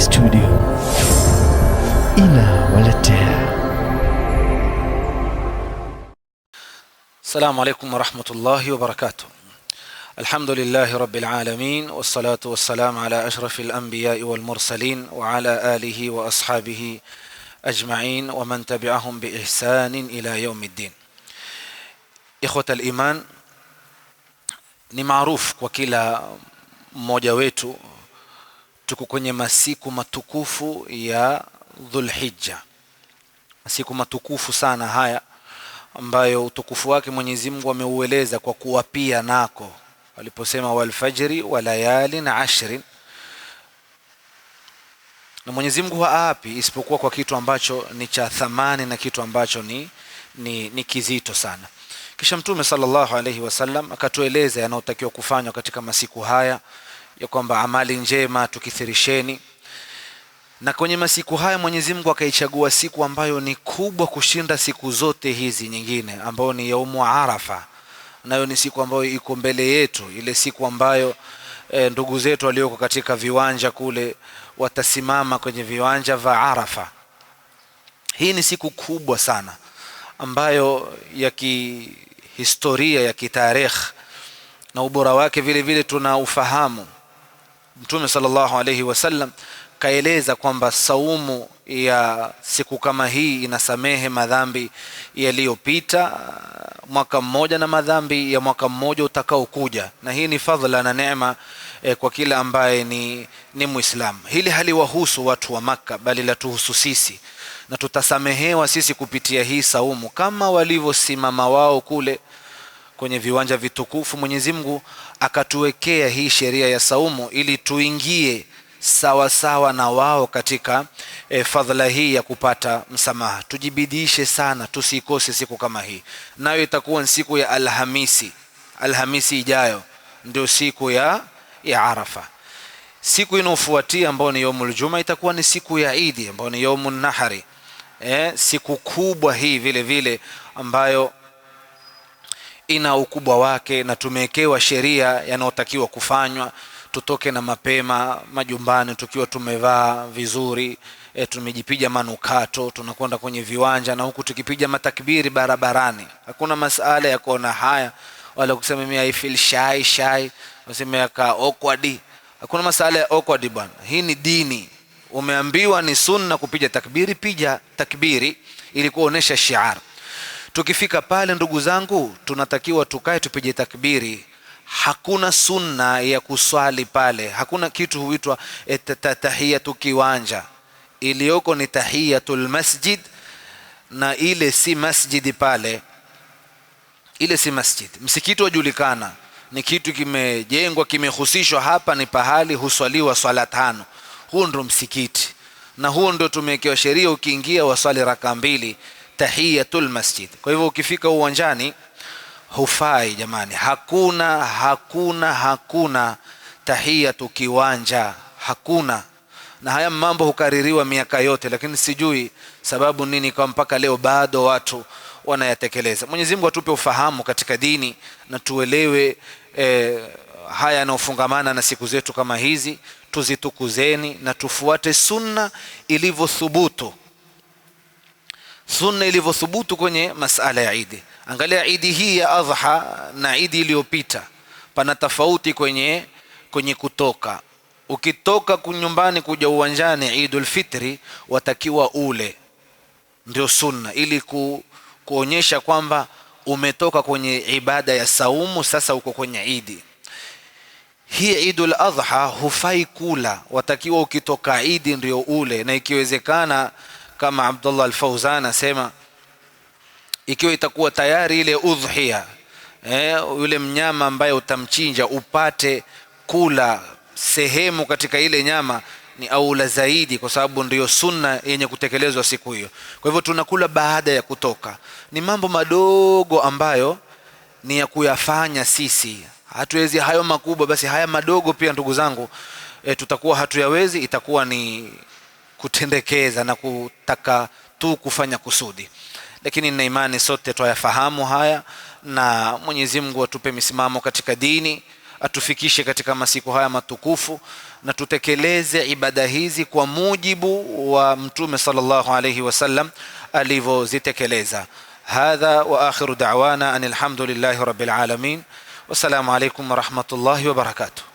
استوديو إلى ولدتها السلام عليكم ورحمة الله وبركاته الحمد لله رب العالمين والصلاة والسلام على أشرف الأنبياء والمرسلين وعلى آله وأصحابه أجمعين ومن تبعهم بإحسان إلى يوم الدين إخوة الإيمان نمعروف وكلا موجويتو tuko kwenye masiku matukufu ya Dhulhijja, masiku matukufu sana haya ambayo utukufu wake Mwenyezi Mungu ameueleza kwa kuwapia nako aliposema walfajri wa layalin ashrin. Na Mwenyezi Mungu haapi isipokuwa kwa kitu ambacho ni cha thamani na kitu ambacho ni, ni, ni kizito sana. Kisha Mtume sallallahu alaihi wasallam akatueleza yanayotakiwa kufanywa katika masiku haya ya kwamba amali njema tukithirisheni. Na kwenye masiku haya Mwenyezi Mungu akaichagua siku ambayo ni kubwa kushinda siku zote hizi nyingine, ambayo ni yaumu Arafa, nayo ni siku ambayo iko mbele yetu, ile siku ambayo e, ndugu zetu walioko katika viwanja kule watasimama kwenye viwanja vya Arafa. Hii ni siku kubwa sana ambayo ya kihistoria ya kitarehe na ubora wake vile vile ufahamu Mtume sallallahu alaihi wasallam kaeleza kwamba saumu ya siku kama hii inasamehe madhambi yaliyopita mwaka mmoja na madhambi ya mwaka mmoja utakaokuja, na hii ni fadhila na neema eh, kwa kila ambaye ni, ni Muislamu. Hili haliwahusu watu wa Makka, bali latuhusu sisi, na tutasamehewa sisi kupitia hii saumu kama walivyosimama wao kule kwenye viwanja vitukufu. Mwenyezi Mungu akatuwekea hii sheria ya saumu ili tuingie sawasawa sawa na wao katika e, fadhila hii ya kupata msamaha. Tujibidiishe sana, tusikose siku kama hii, nayo itakuwa ni siku ya Alhamisi. Alhamisi ijayo ndio siku ya, ya Arafa. Siku inayofuatia ambayo ni yaumul juma itakuwa ni siku ya Idi ambayo ni yaumun nahari. E, siku kubwa hii vile vile ambayo ina ukubwa wake na tumewekewa sheria yanayotakiwa kufanywa. Tutoke na mapema majumbani tukiwa tumevaa vizuri e, tumejipiga manukato, tunakwenda kwenye viwanja na huku tukipiga matakbiri barabarani. Hakuna masala ya kuona haya wala kusema mimi I feel shy shy, waseme aka awkward. Hakuna masala ya awkward bwana, hii ni dini. Umeambiwa ni sunna kupiga takbiri, piga takbiri ili kuonesha shiar Tukifika pale, ndugu zangu, tunatakiwa tukae tupige takbiri. Hakuna sunna ya kuswali pale, hakuna kitu huitwa eh, tahiyatu kiwanja. Iliyoko ni tahiyatul masjid, na ile si masjidi pale, ile si masjid. Msikiti wajulikana ni kitu kimejengwa, kimehusishwa, hapa ni pahali huswaliwa swala tano. Huu ndo msikiti, na huo ndo tumewekewa sheria, ukiingia waswali raka mbili tahiyatul masjid. Kwa hivyo ukifika uwanjani hufai jamani, hakuna hakuna hakuna tahiyatu kiwanja, hakuna. Na haya mambo hukaririwa miaka yote, lakini sijui sababu nini kwa mpaka leo bado watu wanayatekeleza. Mwenyezi Mungu atupe ufahamu katika dini na tuelewe eh, haya yanayofungamana na siku zetu kama hizi, tuzitukuzeni na tufuate sunna ilivyothubutu sunna ilivyothubutu kwenye masala ya idi. Angalia idi hii ya adha na idi iliyopita, pana tofauti kwenye, kwenye kutoka. Ukitoka nyumbani kuja uwanjani Idul Fitri watakiwa ule, ndio sunna, ili ku, kuonyesha kwamba umetoka kwenye ibada ya saumu, sasa uko kwenye idi hii Idul Adha hufai kula, watakiwa ukitoka idi ndio ule, na ikiwezekana kama Abdullah al fawzan asema ikiwa itakuwa tayari ile udhhiya eh, yule mnyama ambaye utamchinja upate kula sehemu katika ile nyama ni aula zaidi, kwa sababu ndiyo sunna yenye kutekelezwa siku hiyo. Kwa hivyo tunakula baada ya kutoka. Ni mambo madogo ambayo ni ya kuyafanya sisi, hatuwezi hayo makubwa, basi haya madogo pia, ndugu zangu, e, tutakuwa hatuyawezi, itakuwa ni kutendekeza na kutaka tu kufanya kusudi, lakini nina imani sote twayafahamu haya, na Mwenyezi Mungu atupe misimamo katika dini, atufikishe katika masiku haya matukufu na tutekeleze ibada hizi kwa mujibu wa Mtume sallallahu alayhi wasallam alivyozitekeleza. Hadha wa akhiru da'wana anilhamdulillahi rabbil alamin. Wassalamu alaykum wa rahmatullahi wa barakatuh.